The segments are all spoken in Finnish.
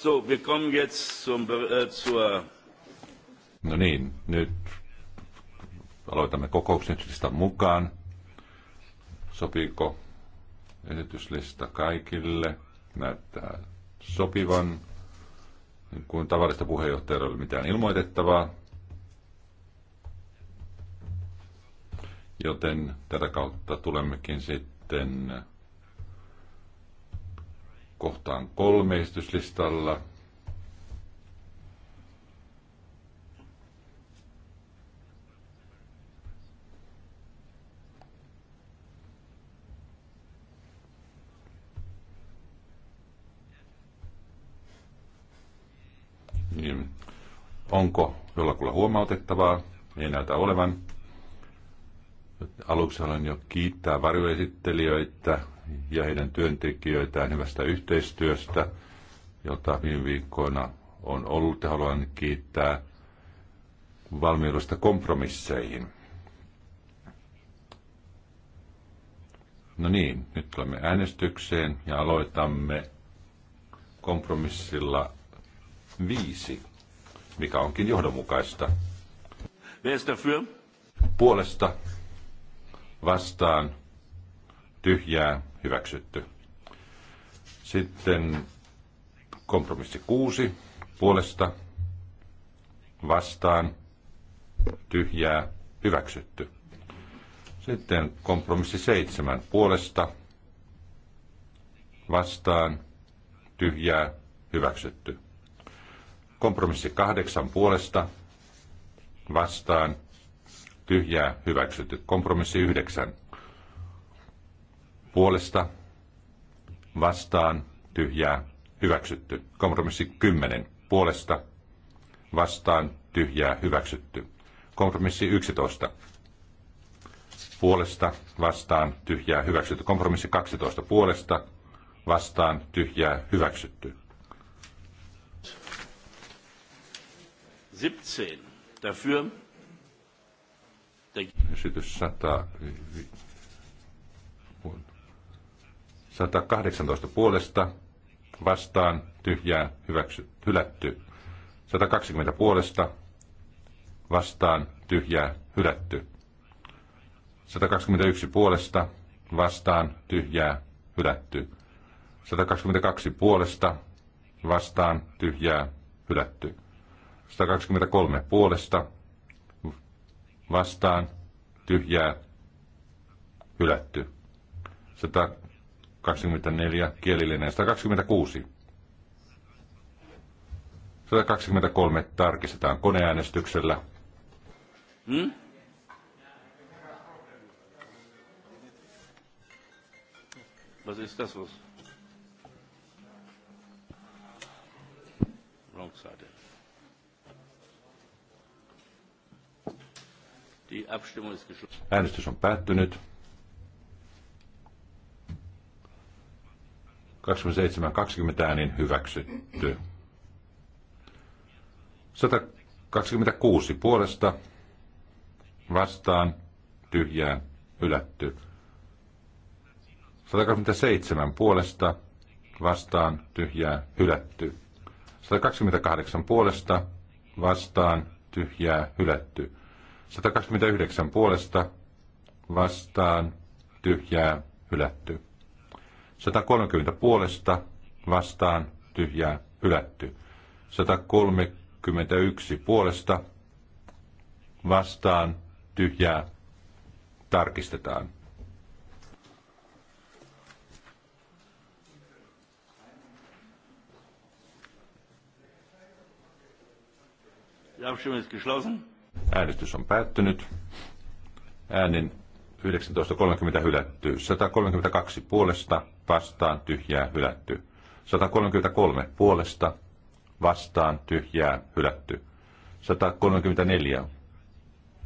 So, wir kommen jetzt zum, äh, zur... No niin, nyt aloitamme kokouksen mukaan. Sopiiko esityslista kaikille? Näyttää sopivan. Niin kuin tavallista puheenjohtajalla ei ole mitään ilmoitettavaa. Joten tätä kautta tulemmekin sitten kohtaan esityslistalla. Niin. Onko jollakulla huomautettavaa? Ei näytä olevan. Aluksi haluan jo kiittää varjoesittelijöitä ja heidän työntekijöitään hyvästä yhteistyöstä, jota viime viikkoina on ollut ja haluan kiittää valmiudesta kompromisseihin. No niin, nyt tulemme äänestykseen ja aloitamme kompromissilla viisi, mikä onkin johdonmukaista. Puolesta vastaan tyhjää hyväksytty. Sitten kompromissi kuusi puolesta vastaan tyhjää hyväksytty. Sitten kompromissi seitsemän puolesta vastaan tyhjää hyväksytty. Kompromissi kahdeksan puolesta vastaan tyhjää hyväksytty. Kompromissi yhdeksän puolesta vastaan tyhjää hyväksytty. Kompromissi 10 puolesta vastaan tyhjää hyväksytty. Kompromissi 11 puolesta vastaan tyhjää hyväksytty. Kompromissi 12 puolesta vastaan tyhjää hyväksytty. 17 dafür. Esitys 100 118 puolesta vastaan tyhjää hyväksy, hylätty. 120 puolesta vastaan tyhjää hylätty. 121 puolesta vastaan tyhjää hylätty. 122 puolesta vastaan tyhjää hylätty. 123 puolesta vastaan tyhjää hylätty. 124, kielillinen 126. 123 tarkistetaan koneäänestyksellä. Hmm? Was ist das was? Wrong side. Die Abstimmung ist geschlossen. Äänestys on päättynyt. 27-20 äänin hyväksytty. 126 puolesta vastaan tyhjään hylätty. 127 puolesta vastaan tyhjää hylätty. 128 puolesta vastaan tyhjää hylätty. 129 puolesta vastaan tyhjää hylätty. 130 puolesta vastaan tyhjää hylätty. 131 puolesta vastaan tyhjää tarkistetaan. Äänestys on päättynyt. Äänin 19.30 hylättyy. 132 puolesta vastaan tyhjää hylätty. 133 puolesta vastaan tyhjää hylätty. 134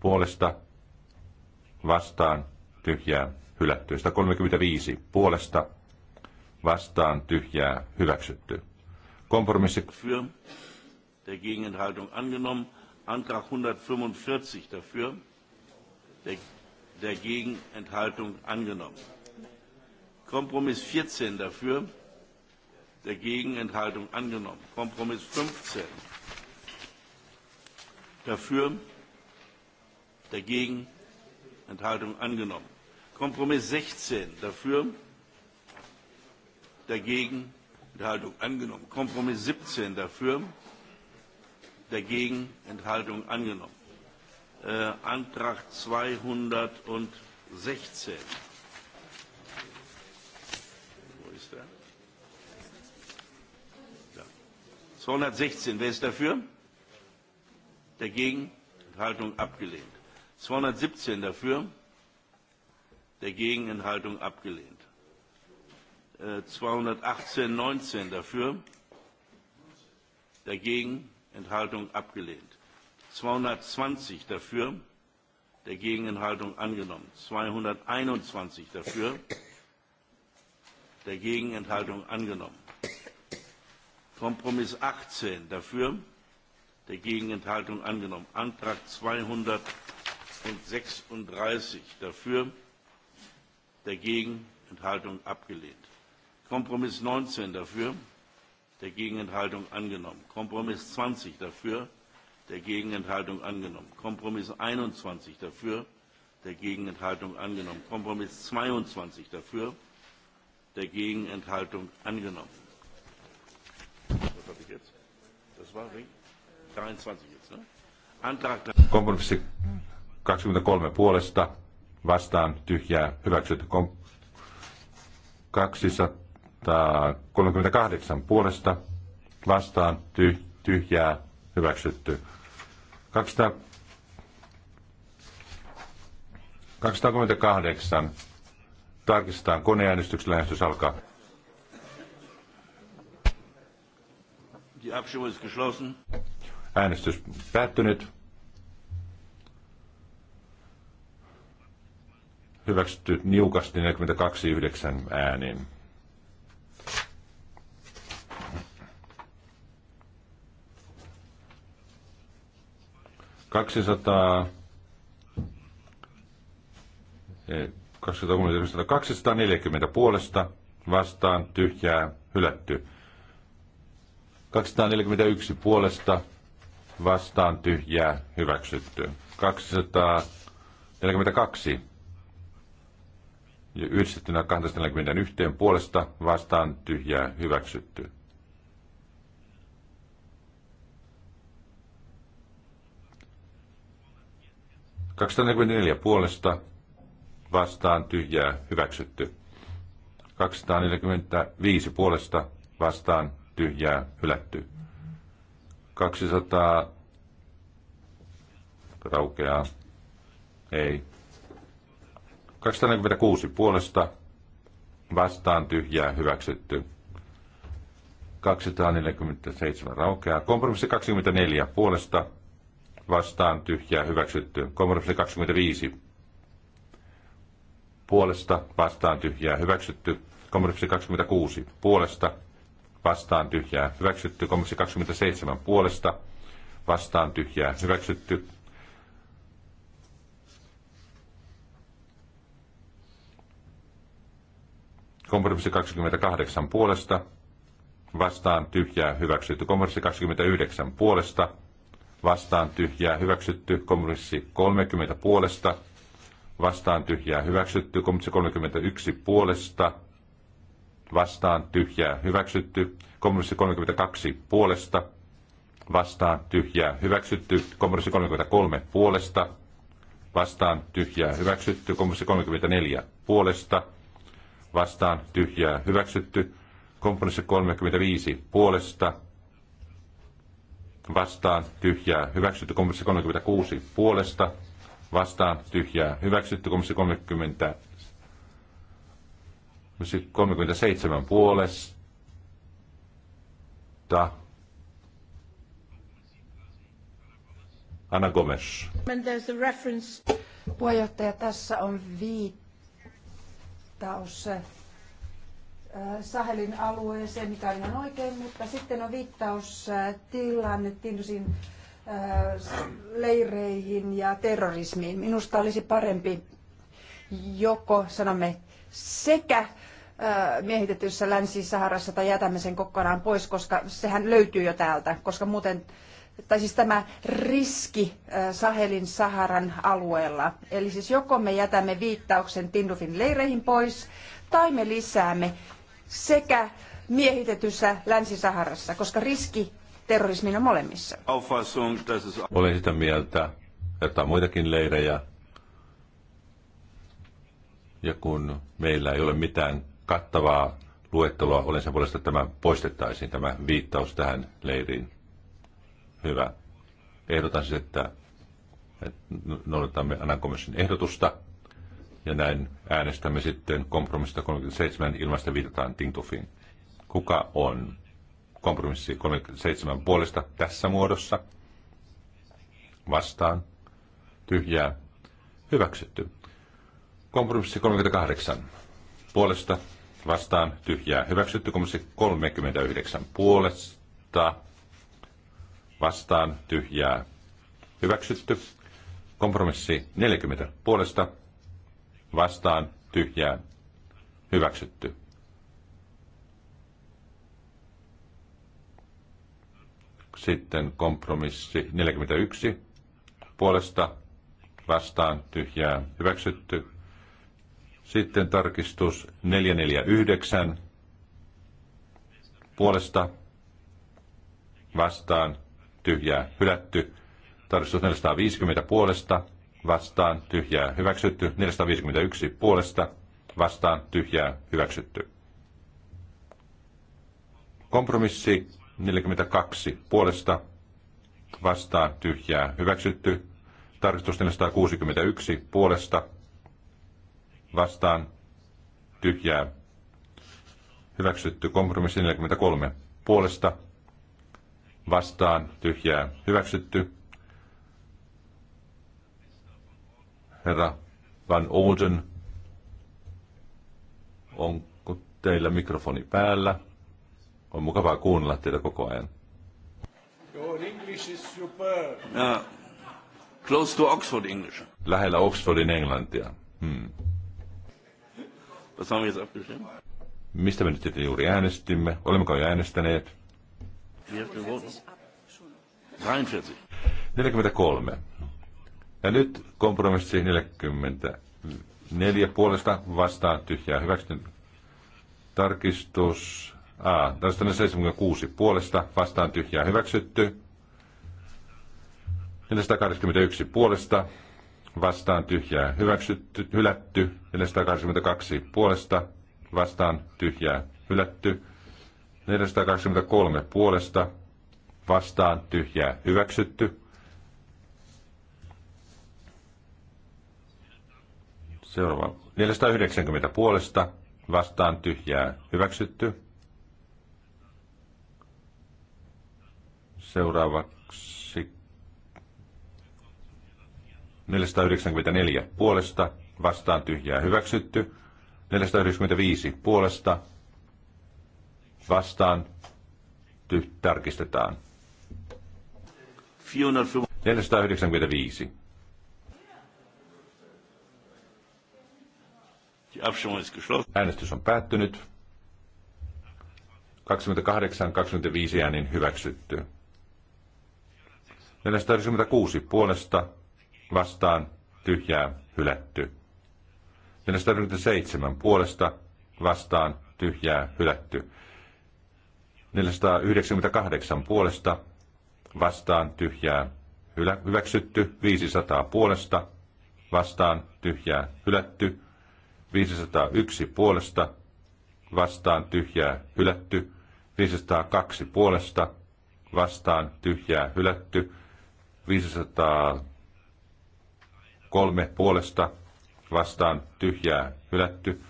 puolesta vastaan tyhjää hylätty. 135 puolesta vastaan tyhjää hyväksytty. Kompromissi. Für der Gegenenthaltung angenommen. Antrag 145 dafür. Der, der Gegenenthaltung angenommen. Kompromiss 14 dafür, dagegen Enthaltung angenommen. Kompromiss 15 dafür, dagegen Enthaltung angenommen. Kompromiss 16 dafür, dagegen Enthaltung angenommen. Kompromiss 17 dafür, dagegen Enthaltung angenommen. Äh, Antrag 216 Ja. Ja. 216, wer ist dafür? Dagegen? Enthaltung abgelehnt. 217 dafür? Dagegen? Enthaltung abgelehnt. 218, äh, 19 dafür? Dagegen? Enthaltung abgelehnt. 220 dafür? Dagegen? Enthaltung angenommen. 221 dafür? dagegen Enthaltung angenommen. Kompromiss 18 dafür, dagegen Enthaltung angenommen. Antrag 236 dafür, dagegen Enthaltung abgelehnt. Kompromiss 19 dafür, der Enthaltung angenommen. Kompromiss 20 dafür, der Enthaltung angenommen. Kompromiss 21 dafür, der Enthaltung angenommen. Kompromiss 22 dafür, der Gegenenthaltung angenommen. Was habe ich jetzt? Das war 23 jetzt, ne? Antrag... Kompromissi 23 puolesta vastaan tyhjää hyväksytty. Kom 238 puolesta vastaan ty tyhjää hyväksytty. 200, 238 Tarkistetaan koneäänestyksen Äänestys alkaa. Äänestys päättynyt. Hyväksytty niukasti 42.9 ääniin. Kaksisataa 240 puolesta vastaan tyhjää hylätty. 241 puolesta vastaan tyhjää hyväksytty. 242 yhdistettynä 241 puolesta vastaan tyhjää hyväksytty. Kaksi puolesta vastaan tyhjää hyväksytty. 245 puolesta vastaan tyhjää hylätty. 200 raukeaa. Ei. 246 puolesta vastaan tyhjää hyväksytty. 247 raukeaa. Kompromissi 24 puolesta vastaan tyhjää hyväksytty. Kompromissi 25 puolesta vastaan tyhjää hyväksytty. Kompromissi 26 puolesta vastaan tyhjää hyväksytty. Kompromissi 27 puolesta vastaan tyhjää hyväksytty. Kompromissi 28 puolesta vastaan tyhjää hyväksytty. Kompromissi 29 puolesta vastaan tyhjää hyväksytty. Kompromissi 30 puolesta vastaan tyhjää hyväksytty. komitse 31 puolesta vastaan tyhjää hyväksytty. komitse 32 puolesta vastaan tyhjää hyväksytty. komitse 33 puolesta vastaan tyhjää hyväksytty. komitse 34 puolesta vastaan tyhjää hyväksytty. Kompromissi 35 puolesta vastaan tyhjää hyväksytty. Kompromissi 36 puolesta vastaan tyhjää hyväksytty. komissi 30, 37 puolesta. Anna Gomes. Puheenjohtaja, tässä on viittaus äh, Sahelin alueeseen, mikä on ihan oikein, mutta sitten on viittaus äh, tilanne Tindusin Äh, leireihin ja terrorismiin. Minusta olisi parempi joko sanomme sekä äh, miehitetyssä Länsi-Saharassa tai jätämme sen kokonaan pois, koska sehän löytyy jo täältä, koska muuten tai siis tämä riski äh, Sahelin Saharan alueella. Eli siis joko me jätämme viittauksen Tindufin leireihin pois, tai me lisäämme sekä miehitetyssä Länsi-Saharassa, koska riski terrorismin on molemmissa. Olen sitä mieltä, että on muitakin leirejä. Ja kun meillä ei ole mitään kattavaa luetteloa, olen sen puolesta, että tämä poistettaisiin, tämä viittaus tähän leiriin. Hyvä. Ehdotan siis, että noudatamme Anakomission ehdotusta ja näin äänestämme sitten kompromissista 37 ilmasta viitataan Tintufiin. Kuka on kompromissi 37 puolesta tässä muodossa. Vastaan. Tyhjää. Hyväksytty. Kompromissi 38 puolesta. Vastaan. Tyhjää. Hyväksytty. Kompromissi 39 puolesta. Vastaan. Tyhjää. Hyväksytty. Kompromissi 40 puolesta. Vastaan. Tyhjää. Hyväksytty. Sitten kompromissi 41 puolesta vastaan tyhjää hyväksytty. Sitten tarkistus 449 puolesta vastaan tyhjää hylätty. Tarkistus 450 puolesta vastaan tyhjää hyväksytty. 451 puolesta vastaan tyhjää hyväksytty. Kompromissi 42 puolesta vastaan tyhjää hyväksytty. Tarkistus 461 puolesta vastaan tyhjää hyväksytty. Kompromissi 43 puolesta vastaan tyhjää hyväksytty. Herra Van Olden, onko teillä mikrofoni päällä? On mukavaa kuunnella teitä koko ajan. Your English is superb. Uh, close to Oxford English. Lähellä Oxfordin englantia. Hmm. Mistä me nyt sitten juuri äänestimme? Olemmeko jo äänestäneet? 43. Ja nyt kompromissi 44 puolesta vastaan tyhjää hyväksytty tarkistus A. 76 puolesta vastaan tyhjää hyväksytty. 421 puolesta vastaan tyhjää hyväksytty, hylätty. 422 puolesta vastaan tyhjää hylätty. 423 puolesta vastaan tyhjää hyväksytty. Seuraava. 490 puolesta vastaan tyhjää hyväksytty. Seuraavaksi 494 puolesta, vastaan tyhjää hyväksytty. 495 puolesta, vastaan ty- tarkistetaan. 495. Äänestys on päättynyt. 28-25 äänin hyväksytty. 496 puolesta vastaan tyhjää hylätty. 497 puolesta vastaan tyhjää hylätty. 498 puolesta vastaan tyhjää hylä, hyväksytty. 500 puolesta vastaan tyhjää hylätty. 501 puolesta vastaan tyhjää hylätty. 502 puolesta vastaan tyhjää hylätty. 503 puolesta vastaan tyhjää hylätty.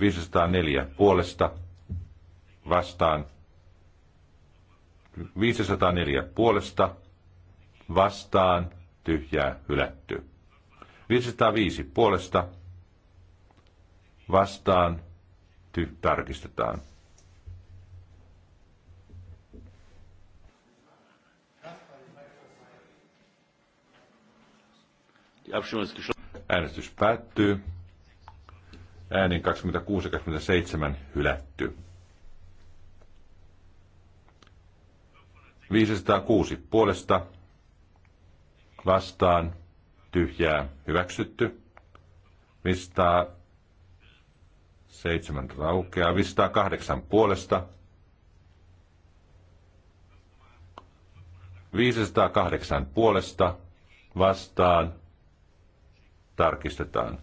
504 puolesta vastaan 504 puolesta vastaan tyhjää hylätty. 505 puolesta vastaan ty tarkistetaan. Äänestys päättyy. Äänin 26 27 hylätty. 506 puolesta vastaan tyhjää hyväksytty. 507 raukeaa. 508 puolesta 508 puolesta vastaan tarkistetaan.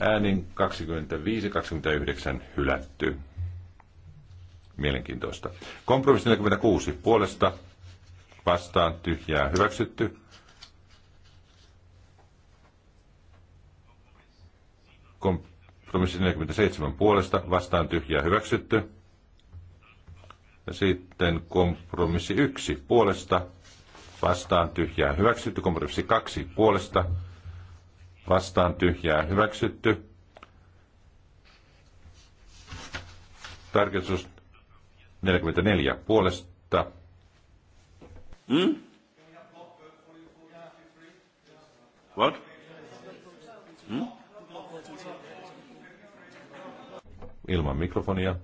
Äänin 25-29 hylätty. Mielenkiintoista. Kompromissi 46 puolesta vastaan tyhjää hyväksytty. Kompromissi 47 puolesta vastaan tyhjää hyväksytty. Ja sitten kompromissi 1 puolesta vastaan tyhjää hyväksytty. Kompromissi 2 puolesta vastaan tyhjää hyväksytty. Tarkistus 44 puolesta. Hmm? What? Hmm? ilman mikrofonia.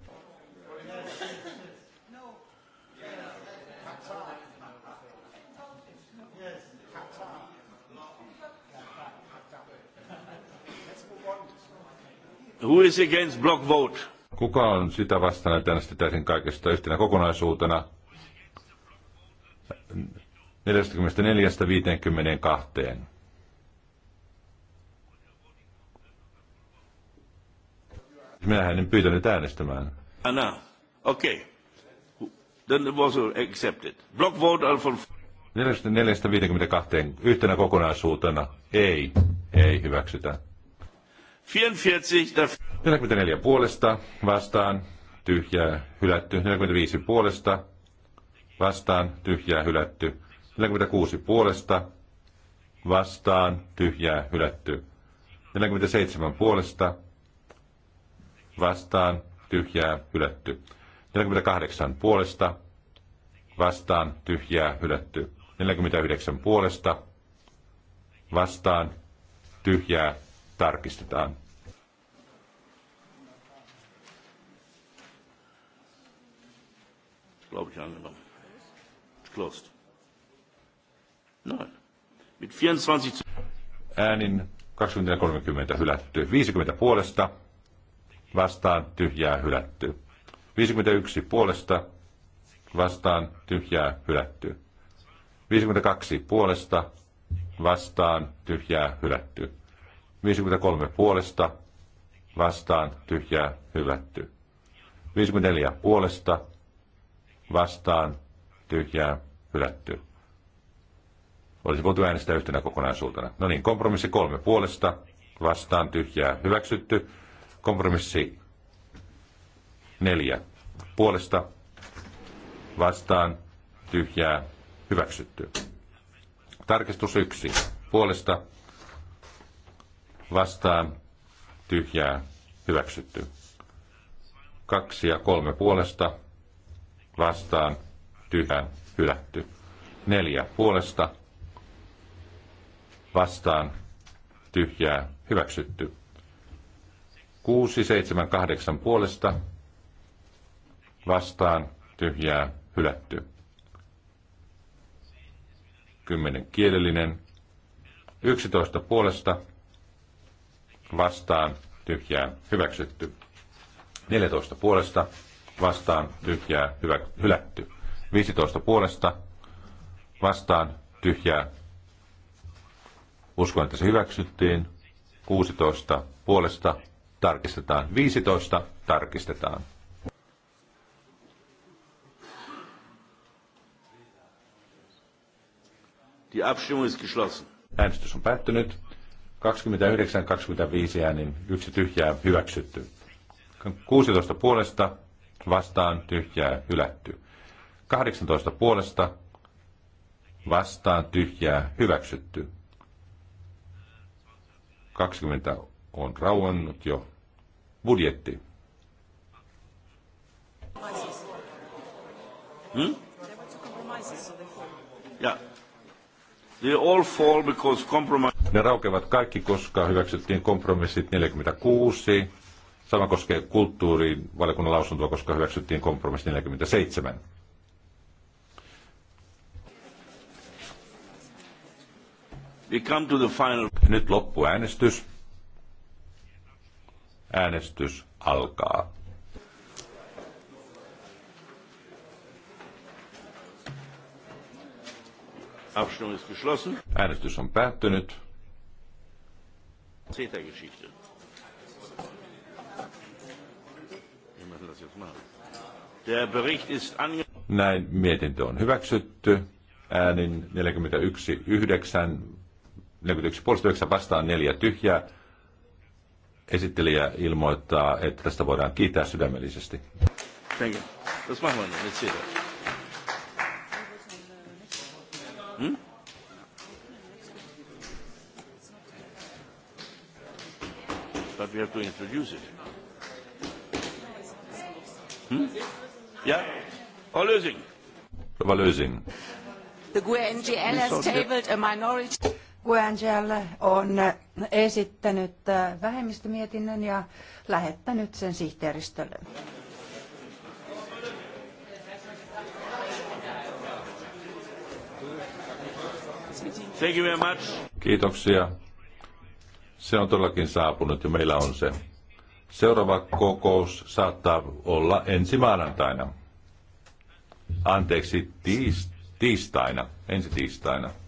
Who is against block vote? Kuka on sitä vastaan, että äänestetään kaikesta yhtenä kokonaisuutena? 44-52. Minähän en pyytänyt äänestämään. Anna. Ah, Okei. Okay. Then it was accepted. Block vote on for... 452 yhtenä kokonaisuutena ei, ei hyväksytä. Neljäkymmentä 44 puolesta vastaan, tyhjää hylätty. 45 puolesta vastaan, tyhjää hylätty. 46 puolesta vastaan, tyhjää hylätty. 47 puolesta vastaan, tyhjää, hylätty. 48 puolesta, vastaan, tyhjää, hylätty. 49 puolesta, vastaan, tyhjää, tarkistetaan. glaube 24 Äänin 2030 hylätty. 50 puolesta vastaan tyhjää hylätty. 51 puolesta vastaan tyhjää hylätty. 52 puolesta vastaan tyhjää hylätty. 53 puolesta vastaan tyhjää hylätty. 54 puolesta vastaan tyhjää hylätty. Olisi voitu äänestää yhtenä kokonaisuutena. No niin, kompromissi kolme puolesta vastaan tyhjää hyväksytty. Kompromissi neljä. Puolesta vastaan tyhjää hyväksytty. Tarkistus yksi. Puolesta vastaan tyhjää hyväksytty. Kaksi ja kolme puolesta vastaan tyhjää hylätty. Neljä puolesta vastaan tyhjää hyväksytty. 6, 7, 8 puolesta vastaan tyhjää hylätty. 10 kielellinen. 11 puolesta vastaan tyhjää hyväksytty. 14 puolesta vastaan tyhjää hyvä, hylätty. 15 puolesta vastaan tyhjää. Uskon, että se hyväksyttiin. 16 puolesta tarkistetaan. 15 tarkistetaan. Die Abstimmung ist geschlossen. Äänestys on päättynyt. 29-25 äänin, yksi tyhjää hyväksytty. 16 puolesta, vastaan tyhjää hylätty. 18 puolesta, vastaan tyhjää hyväksytty. 20 on rauennut jo budjetti. Hmm? Yeah. They all fall because compromise... Ne raukevat kaikki, koska hyväksyttiin kompromissit 46. Sama koskee kulttuurin valiokunnan lausuntoa, koska hyväksyttiin kompromissi 47. We come to the final. Nyt loppuäänestys. Äänestys alkaa. Äänestys on päättynyt. Näin mietintö on hyväksytty. Äänin 41, 9, 41 puolesta 9 vastaan 4 tyhjää esittelijä ilmoittaa, että tästä voidaan kiittää sydämellisesti. Thank you. That's my one. Let's see that. Hmm? But we have to introduce it. Hmm? Yeah? Frau oh, Lösing. Frau Lösing. The GUE-NGL has tabled a minority... Guangel on esittänyt äh, vähemmistömietinnön ja lähettänyt sen sihteeristölle. Thank you very much. Kiitoksia. Se on todellakin saapunut ja meillä on se. Seuraava kokous saattaa olla ensi maanantaina. Anteeksi, tiis, tiistaina. Ensi tiistaina.